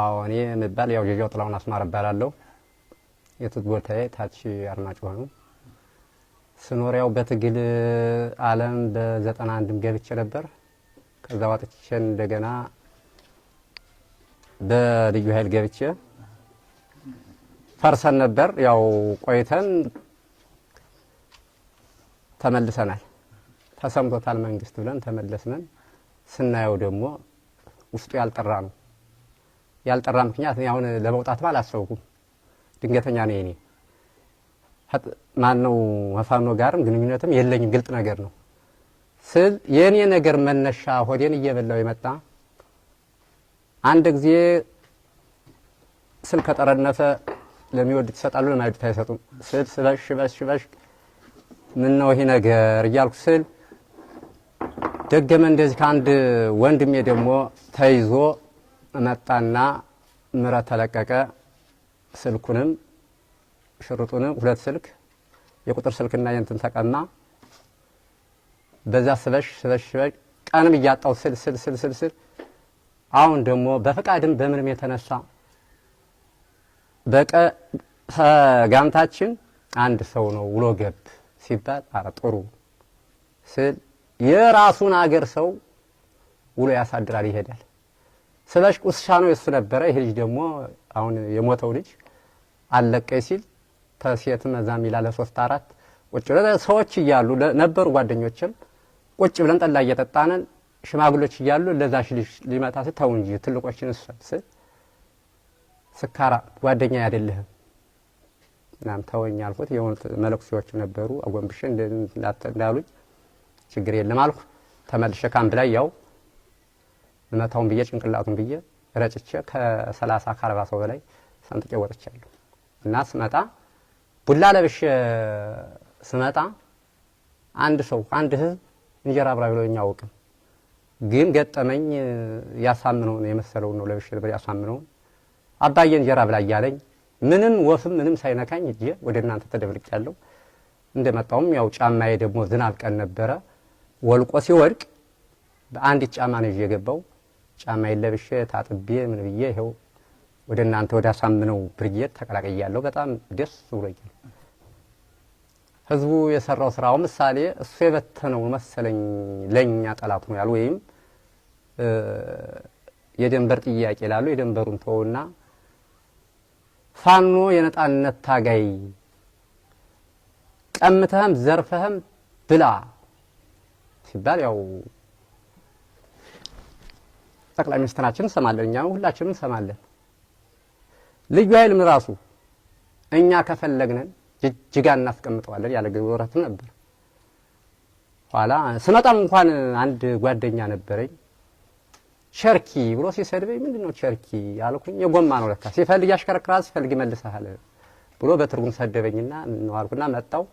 አዎ እኔ የምባል ያው ዣዣው ጥላውን አስማር እባላለሁ። የትት ቦታዬ ታች አርማጭ ነው። ስኖር ያው በትግል ዓለም በዘጠና አንድም ገብቼ ነበር። ከዛ ዋጥቼን እንደገና በልዩ ኃይል ገብቼ ፈርሰን ነበር። ያው ቆይተን ተመልሰናል። ተሰምቶታል መንግስት ብለን ተመለስነን። ስናየው ደግሞ ውስጡ ያልጠራ ነው ያልጠራ ምክንያት አሁን ለመውጣት አላሰብኩም። ድንገተኛ ነው የኔ ማን ነው ፋኖ ጋርም ግንኙነትም የለኝም። ግልጥ ነገር ነው ስል የእኔ ነገር መነሻ ሆዴን እየበላው የመጣ አንድ ጊዜ ስል ከጠረነፈ ለሚወዱት ይሰጣሉ፣ ለማይወዱት አይሰጡም ስል ስበሽ ሽበሽ ሽበሽ ምን ነው ይሄ ነገር እያልኩ ስል ደገመ እንደዚህ ከአንድ ወንድሜ ደግሞ ተይዞ መጣና ምህረት ተለቀቀ። ስልኩንም ሽርጡንም ሁለት ስልክ የቁጥር ስልክና የንትን ተቀማ። በዛ ስለሽ ስለሽ ቀንም እያጣው ስል ስል ስል ስል ስል አሁን ደግሞ በፈቃድም በምንም የተነሳ በቀ ጋምታችን አንድ ሰው ነው ውሎ ገብ ሲባል አረ ጥሩ ስል የራሱን አገር ሰው ውሎ ያሳድራል ይሄዳል። ስለሽ ቁስሻ ነው የሱ ነበረ። ይሄ ልጅ ደግሞ አሁን የሞተው ልጅ አለቀኝ ሲል ተሴት መዛም ይላለ ሶስት አራት ቁጭ ብለ ሰዎች እያሉ ነበሩ ጓደኞችም ቁጭ ብለን ጠላ እየጠጣንን ሽማግሎች እያሉ ለዛሽ ልጅ ሊመጣ ስ ተው እንጂ ትልቆችን ስ ስካራ ጓደኛ አይደለህም ናም ተወኝ አልኩት። የሆኑ መለኩሴዎችም ነበሩ አጎንብሽ እንዳሉኝ ችግር የለም አልኩ። ተመልሸ ካምፕ ላይ ያው መታውን ብዬ ጭንቅላቱን ብዬ ረጭቼ ከሰላሳ ከአርባ ሰው በላይ ሰንጥቄ ወጥቻለሁ። እና ስመጣ ቡላ ለብሼ ስመጣ አንድ ሰው አንድ ህዝብ እንጀራ አብራ ብሎ አያውቅም። ግን ገጠመኝ ያሳምነውን የመሰለውን ነው ለብሼ ነበር። ያሳምነውን አባዬ እንጀራ ብላ እያለኝ ምንም ወፍም ምንም ሳይነካኝ እጄ ወደ እናንተ ተደብልቅ ያለው እንደመጣውም ያው ጫማዬ ደግሞ ዝናብ ቀን ነበረ ወልቆ ሲወድቅ በአንዲት ጫማ ነው የገባው። ጫማ የለብሽ ታጥቤ ምን ብዬ ይኸው ወደ እናንተ ወደ አሳምነው ብርጌድ ተቀላቀያለሁ። በጣም ደስ ብሎኛል። ህዝቡ የሰራው ስራው ምሳሌ እሱ የበተነው መሰለኝ ለእኛ ጠላት ሆኗል። ወይም የደንበር ጥያቄ ላሉ የደንበሩን ተውና ፋኖ የነጣነት ታጋይ ቀምተህም ዘርፈህም ብላ ሲባል ያው ጠቅላይ ሚኒስትራችን እንሰማለን፣ እኛ ሁላችንም እንሰማለን። ልዩ ኃይልም ራሱ እኛ ከፈለግነን ጅጅጋ እናስቀምጠዋለን ያለ ግብረትም ነበር። ኋላ ስመጣም እንኳን አንድ ጓደኛ ነበረኝ ቸርኪ ብሎ ሲሰድበኝ ምንድን ነው ቸርኪ አልኩኝ። የጎማ ነው ለካ ሲፈልግ ያሽከረክራል ሲፈልግ ይመልስሃል ብሎ በትርጉም ሰደበኝና ነዋልኩና መጣው።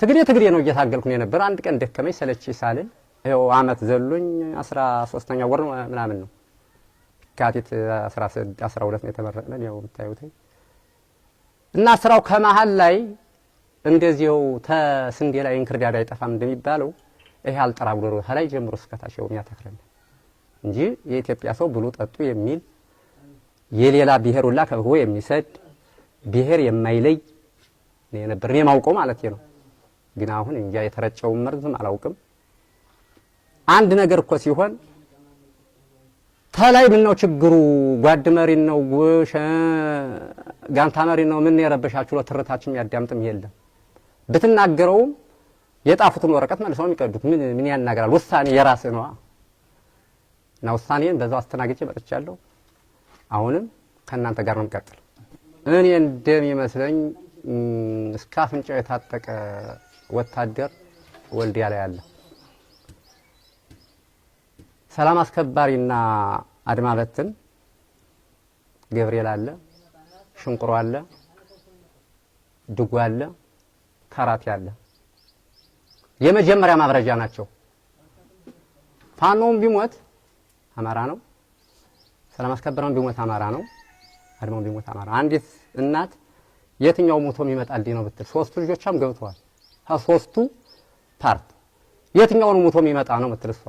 ትግሬ ትግሬ ነው እየታገልኩ ነው የነበረ። አንድ ቀን ደከመኝ ሰለች ሳልን ይኸው አመት ዘሉኝ አስራ ሶስተኛ ወር ምናምን ነው ካቲት አስራ ሁለት ነው የተመረቅነን። ያው የምታዩት እና ስራው ከመሀል ላይ እንደዚው ተስንዴ ላይ እንክርዳድ አይጠፋም እንደሚባለው ይሄ አልጠራ ብሎ ከላይ ጀምሮ እስከታች የሚያተክረን እንጂ የኢትዮጵያ ሰው ብሉ ጠጡ የሚል የሌላ ብሔር ሁላ ከብሆ የሚሰድ ብሔር የማይለይ ነበር እኔ ማውቀው ማለት ነው። ግን አሁን እንጃ የተረጨውን መርዝም አላውቅም። አንድ ነገር እኮ ሲሆን ተላይ ምን ነው ችግሩ? ጓድ መሪ ነው ጉሽ ጋንታ መሪ ነው ምን የረበሻችሁ ሎ ያዳምጥም የለም ብትናገረውም የጣፉትን ወረቀት መልሰው የሚቀዱት ምን ምን ያናገራል? ውሳኔ የራስ ነው እና ውሳኔን በዛው አስተናግጬ መጥቻለሁ። አሁንም ከእናንተ ጋር ነው የምቀጥል። እኔ እንደሚመስለኝ እስከ አፍንጫው የታጠቀ ወታደር ወልዲያ ላይ አለ። ሰላም አስከባሪና አድማ በትን ገብርኤል አለ፣ ሽንቁሮ አለ፣ ድጓ አለ፣ ካራቴ አለ። የመጀመሪያ ማብረጃ ናቸው። ፋኖም ቢሞት አማራ ነው። ሰላም አስከባሪውም ቢሞት አማራ ነው። አድማውም ቢሞት አማራ። አንዲት እናት የትኛው ሞቶ የሚመጣልኝ ነው ብትል ሶስቱ ልጆቿም ገብተዋል። ሶስቱ ፓርት የትኛውን ሞቶ የሚመጣ ነው ምትል እሷ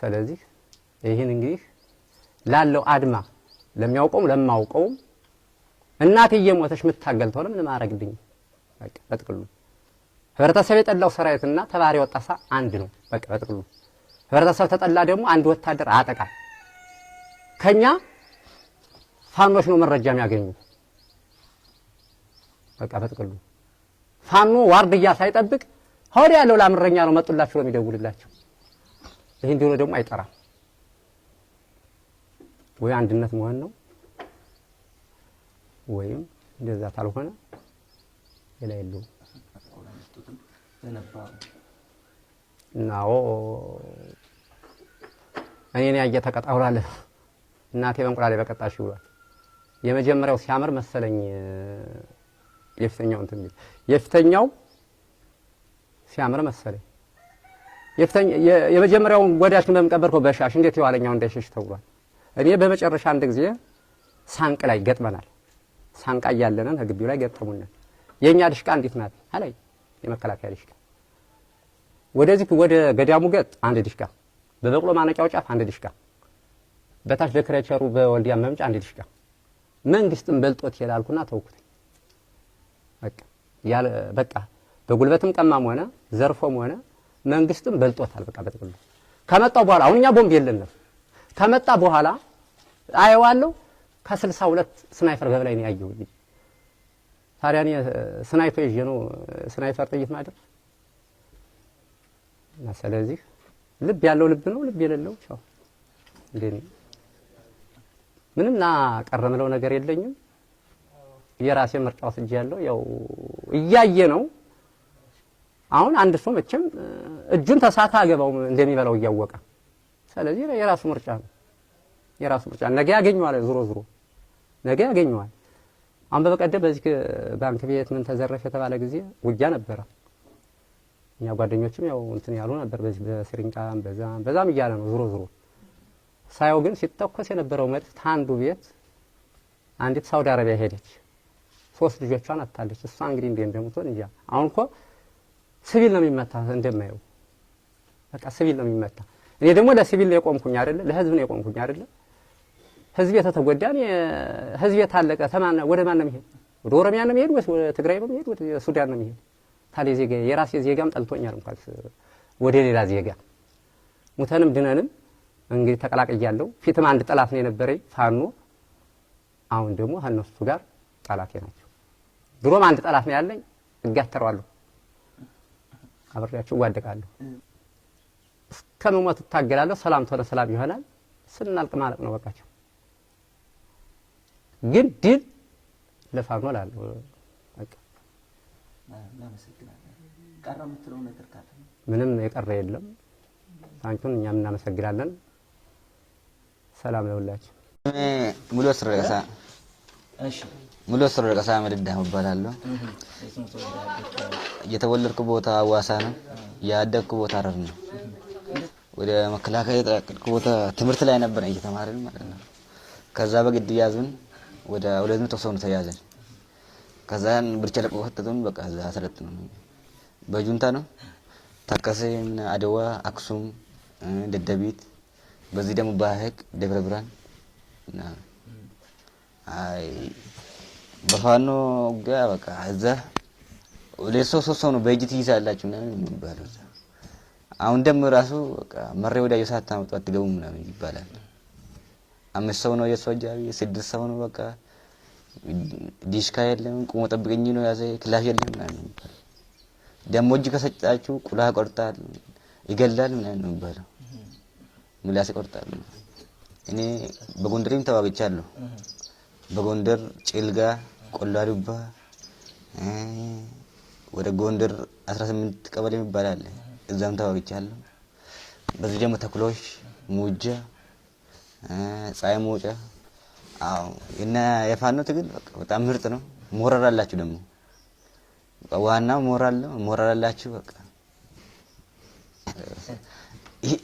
ስለዚህ ይህን እንግዲህ ላለው አድማ ለሚያውቀውም ለማውቀውም እናቴ የሞተች የምታገል ተሆነ ማረግልኝ? በቃ በጥቅሉ ህብረተሰብ የጠላው ሰራዊትና ተባሪ ወጣሳ አንድ ነው። በቃ በጥቅሉ ህብረተሰብ ተጠላ ደግሞ አንድ ወታደር አጠቃ ከኛ ፋኖች ነው መረጃ የሚያገኙ። በቃ በጥቅሉ ፋኖ ዋርድያ ሳይጠብቅ ሆድ ያለው ላምረኛ ነው መጡላችሁ ነው የሚደውልላቸው። ይህ እንዲሆነ ደግሞ አይጠራም። ወይ አንድነት መሆን ነው ወይም እንደዛ ካልሆነ ሌላ የለውም። ናዎ እኔን ያየ ተቀጣውላለ እናቴ በእንቁላሌ በቀጣሽ ይውሏል። የመጀመሪያው ሲያምር መሰለኝ የፊተኛው እንትን የሚል የፊተኛው ሲያምር መሰለኝ የመጀመሪያውን ወዳችን በምቀበርኮ በሻሽ እንዴት የዋለኛው እንዳይሸሽ ተውሏል እኔ በመጨረሻ አንድ ጊዜ ሳንቅ ላይ ገጥመናል። ሳንቃ እያለንን ግቢው ላይ ገጠሙናል። የእኛ ድሽቃ እንዴት ናት አላይ የመከላከያ ድሽቃ ወደዚህ ወደ ገዳሙ ገጥ አንድ ድሽቃ፣ በበቅሎ ማነቂያው ጫፍ አንድ ድሽቃ፣ በታች ለክረቸሩ በወልዲያ መምጫ አንድ ድሽቃ። መንግስትም በልጦት ይላልኩና ተውኩት። በቃ በቃ በጉልበትም ቀማም ሆነ ዘርፎም ሆነ መንግስትም በልጦታል። በቃ በጥቅሉ ከመጣው በኋላ አሁን እኛ ቦምብ የለንም። ከመጣ በኋላ አየዋለሁ ከስልሳ ሁለት ስናይፈር በበላይ ነው ያየው። ታዲያ እኔ ስናይፈር ይዤ ነው ስናይፈር ጥይት ማድረግ። ስለዚህ ልብ ያለው ልብ ነው፣ ልብ የሌለው ቻው። እንደኔ ምንም ና ቀረ ምለው ነገር የለኝም። የራሴ ምርጫው ስጅ ያለው ያው እያየ ነው። አሁን አንድ ሰው መቼም እጁን ተሳታ አገባው እንደሚበላው እያወቀ ስለዚህ የራሱ ምርጫ ነው። የራሱ ምርጫ ነገ ያገኘዋል። ዝሮ ዝሮ ነገ ያገኘዋል። አሁን በበቀደም በዚህ ባንክ ቤት ምን ተዘረፍ የተባለ ጊዜ ውጊያ ነበረ። እኛ ጓደኞችም ያው እንትን ያሉ ነበር። በዚህ በስሪንቃም በዛም በዛም እያለ ነው። ዝሮ ዝሮ ሳየው ግን ሲተኮስ የነበረው መድፍ ታንዱ ቤት አንዲት ሳውዲ አረቢያ ሄደች። ሶስት ልጆቿን አታለች። እሷ እንግዲህ እንደምትሆን እንጃ። አሁን እኮ ሲቪል ነው የሚመታ እንደማየው በቃ ሲቪል ነው የሚመታ። እኔ ደግሞ ለሲቪል የቆምኩኝ አይደለ፣ ለህዝብ ነው የቆምኩኝ አይደለ። ህዝብ የተተጎዳ ህዝብ የታለቀ ተማነ ወደ ማን ነው የሚሄድ? ወደ ኦሮሚያ ነው የሚሄድ ወይስ ወደ ትግራይ ነው የሚሄድ? ወደ ሱዳን ነው የሚሄድ? ታዲያ ዜጋ የራሴ ዜጋም ጠልቶኛል እንኳን ወደ ሌላ ዜጋ ሙተንም ድነንም እንግዲህ ተቀላቅያለሁ። ፊትም አንድ ጠላት ነው የነበረኝ ፋኖ፣ አሁን ደግሞ እነሱ ጋር ጠላቴ ናቸው። ድሮም አንድ ጠላት ነው ያለኝ፣ እጋተረዋለሁ፣ አብሬያቸው እጓደቃለሁ። እስከ መሞት እታገላለሁ። ሰላም ተሆነ ሰላም ይሆናል። ስናልቅ ማለቅ ነው በቃቸው። ግን ድል ለፋኖ ላለው ምንም የቀረ የለም። አንቹን እኛም እናመሰግናለን። ሰላም ለሁላችሁ። ሙሎ ስረቀሳ ረቀሳ ሙሉ ስር መድዳ እባላለሁ። የተወለድኩ ቦታ አዋሳ ነው። ያደግኩ ቦታ አረር ነው። ወደ መከላከያ የተቀላቀልኩ ቦታ ትምህርት ላይ ነበር እየተማርን ማለት ነው። ከዛ በግድ ያዝን ወደ ሁለት መቶ ሰው ነው ተያዘን። ከዛን ብርቻ ለቆ ከተቱን በቃ እዛ ነው በጁንታ ነው ታከሰን፣ አድዋ፣ አክሱም፣ ደደቢት በዚህ ደግሞ ባህቅ፣ ደብረ ብርሃን አይ በፋኖ ጋ በቃ እዛ ሁለት ሰው ሶስት ሰው ነው በእጅት ይይዛላችሁ ምናምን የሚባለው አሁን ደም ራሱ መሬ ወዳጅ ሰዓት አመጡ አትገቡም ምናምን ይባላል። አምስት ሰው ነው የሰው አጃቢ፣ ስድስት ሰው ነው በቃ ዲሽካ የለም ቁሞ ጠብቀኝ ነው ያዘ ክላፍ የለም ምናምን ይባላል። ደግሞ እጅ ከሰጣችሁ ቁላ ቆርጣል ይገላል ምናምን ነው የሚባለው። ምላስ ይቆርጣል። እኔ በጎንደርም ተዋግቻለሁ። በጎንደር ጭልጋ፣ ቆላዱባ ወደ ጎንደር 18 ቀበሌ የሚባል አለ እዛም ተባብቻለሁ። በዚህ ደግሞ ተኩሎች ሙጃ፣ ፀሐይ መውጫ። አዎ እና የፋኖ ትግል በጣም ምርጥ ነው። ሞራል አላችሁ ደግሞ ዋና ሞራል ነው። ሞራል አላችሁ በቃ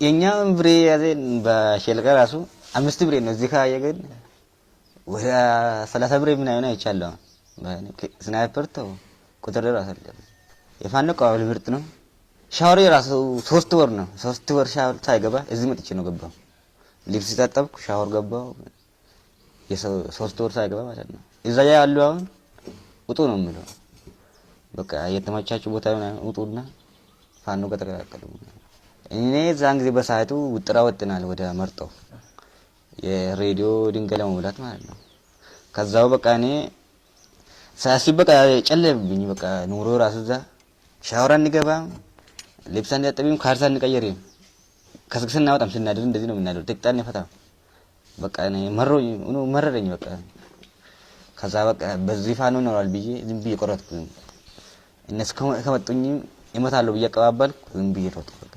የኛውን ብሬ ያዘን በሸልቀ ራሱ አምስት ብሬ ነው። እዚህ ካየ ግን ወደ ሰላሳ ብሬ ምን አይሆን አይቻለሁ። ስናይፐር ተው ቁጥር ራሱ የፋኖ ቀባበል ምርጥ ነው። ሻወር የራሱ ሶስት ወር ነው። ሶስት ወር ሻወር ሳይገባ እዚህ መጥቼ ነው ገባው ልብስ ታጠብኩ፣ ሻወር ገባው ሶስት ወር ሳይገባ ማለት ነው። እዛ ያሉ አሁን ውጡ ነው የምለው። በቃ የተመቻችሁ ቦታ ውጡና ፋኖ ከተቀላቀሉ። እኔ እዛን ጊዜ በሰዓቱ ውጥራ ወጥናል ወደ መርጦ የሬዲዮ ድንጋይ ለመሙላት ማለት ነው። ከዛው በቃ እኔ ሳሲ በቃ ጨለብኝ። በቃ ኑሮ ራሱ እዛ ሻወር አንገባም ልብስ አንያጠብም፣ ካርሳ አንቀየርም። ከስክስና በጣም ስናድር እንደዚህ ነው የምናደርገው። ተቅጣን ይፈታ በቃ መሮኝ መረረኝ። በቃ ከዛ በቃ በዚፋ ነው ይኖራል ብዬ ዝም ብዬ ቆረጥኩ። እነሱ ከመጡኝም እመታለሁ ብዬ አቀባበልኩ፣ ዝም ብዬ ሮጥኩ። በቃ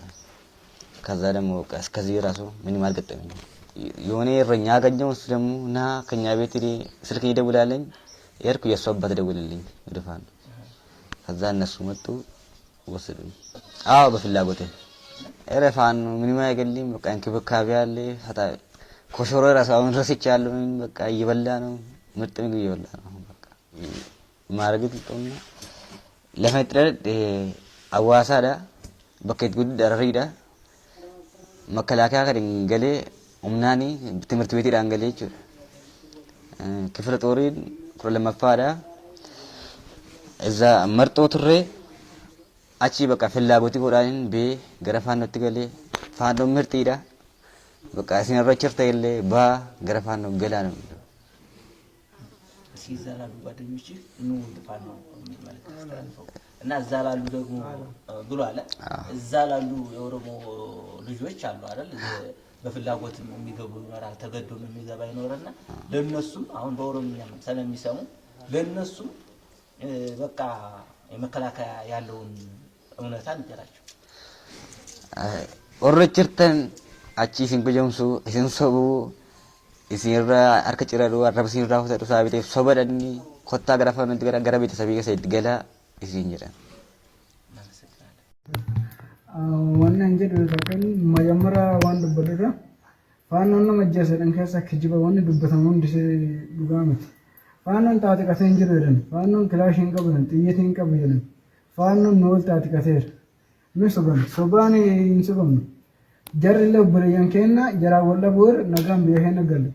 ከዛ ደግሞ በቃ እስከዚህ ራሱ ምንም አልገጠመኝ። የሆነ እረኛ አገኘው። እሱ ደግሞ ና ከኛ ቤት ስልክ ይደውላለኝ የርኩ የእሱ አባት ደውልልኝ ወደ ፋኖ። ከዛ እነሱ መጡ ወሰዱኝ። አዎ በፍላጎቴ ኧረ ምን ማይገልኝ አይገልም። በቃ እንክብካቤ አለ። ፈታ ኮሾሮ ራሱ አሁን ረስቻለሁ። በቃ እየበላ ነው፣ ምርጥ ምግብ እየበላ ነው። በቃ ማረግት ጥሩና ለፈጥረት አዋሳዳ በከት ጉድ ደረሪዳ መከላከያ ከደንገሌ ኡምናኒ ትምህርት ቤት ዳንገሌ ቹ ክፍለ ጦሪን ኩለ ለመፋዳ እዛ መርጦ ትሬ achi በቃ ፍላጎት ይጎዳልን ቤ ገረ ፋኖት ገሌ ፋኖ ምርጥዳ በቃ ሲነሮቸር ተየለ ባ ገረ ፋኖ gara ነው ሲዛላሉ ጓደኞች ኑ እና እዛ ላሉ ደግሞ ብሎ አለ። እዛ ላሉ የኦሮሞ ልጆች አሉ አይደል በፍላጎትም የሚገቡ ይኖራል፣ ተገዶም የሚገባ ይኖርና ለነሱም አሁን በኦሮምኛ ስለሚሰሙ ለነሱም በቃ የመከላከያ ያለውን እውነታ ንገራቸው። ወሮ ጭርተን አቺ ሲን ጉጀምሱ እሲን ሶቡ እሲንራ አርከ ጭረዱ አረብ ሲንራ ሁሰዱ ሳቢቴ ሶበደኒ ኮታ ገረፈ ነንቲ ገራ ገረ ቤተሰብ ገሰ ይድገላ እሲን ጀራ ዋና እንጀድ ተቀን መጀመሪያ ዋን ዱበደራ ፋኖና መጃሰደን ከሳ ክጅበ ወን ዱበተሙ እንዲስ ዱጋመት ፋኖን ጣጥቀተ እንጀድ ወደን ፋኖን ክላሽን ቀብነን ጥይት እንቀብ ይለን faannoon waltaati qateera. Nuyi sobaan sobaan hin sobamne. Jarri illee obboleeyyan keenya jaraa wal dhabuur nagaan biyya keenya galu.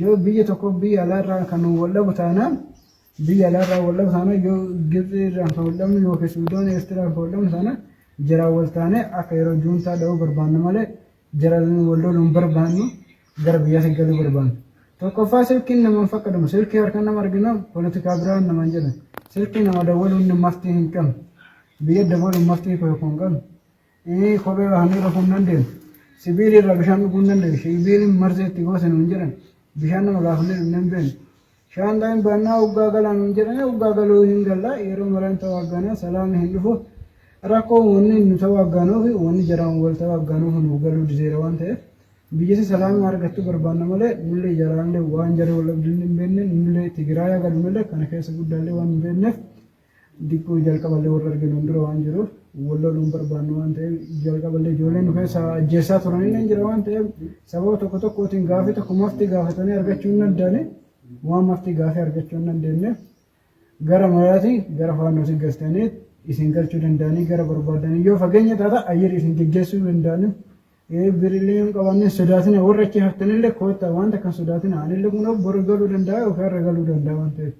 Yoo biyya tokko biyya alaarraa kan wal dhabu taanaan biyya alaarraa wal dhabu taanaan yoo Gibxii irraan kan wal dhabnu yookiin Suudaan Eertiraan kan wal dhabnu taanaan jaraa wal taane akka yeroo juuntaa dha'uu barbaanna malee jaraan wal loluu hin barbaannu gara biyyaatti galuu barbaanna. Tokkoffaa silkiin namaan fakkadamu silkii harka nama argina poolitikaa biraan namaan jedhan silkii nama dawwaluun namaaf hin qabne. biyya dabalummatti kun qabu kophee bahanii rafuun dandeenyu sibiila irraa bishaan dhuguu dandeenyu sibiiliin marsee itti goosan hin jedhan bishaan nama gaafannee hin dandeenyu. Shaan ta'in baannaa hoggaa galaan hin jedhane hoggaa galuu hin gallaa yeroo maraan ta'uu aggaanaa salaamni hin dhufu rakkoo wanni nu ta'uu aggaanuu fi wanni jaraan wal ta'uu aggaanuu kan galuu diseera waan ta'eef biyyatti salaamii argachuu barbaanna malee nullee jaraan waan jaree wal dhabduu hin beekne nullee tigiraayaa galu malee kana keessa guddaallee waan hin beekneef. dhiqqoo jalqaballee warra arginu dura waan jiruuf walloo nuun barbaannu waan ta'eef jalqaballee ijoolleen dhufee ajjeessaa turanillee jira waan ta'eef sababa tokko tokkootiin gaafii tokko maftii gaafatanii argachuu hin danda'ani waan maftii gaafii argachuu hin dandeenyeef gara maraatii gara faanoosi gastanii isin galchuu danda'anii gara barbaadanii yoo fageenya taata ayyir isin geggeessuu danda'aniif birillee hin qabanne sodaatina warra achi haftanillee koottaa waan takkan sodaatina anillee kunaaf boru galuu danda'a yookaan irra galuu danda'a waan ta'eef.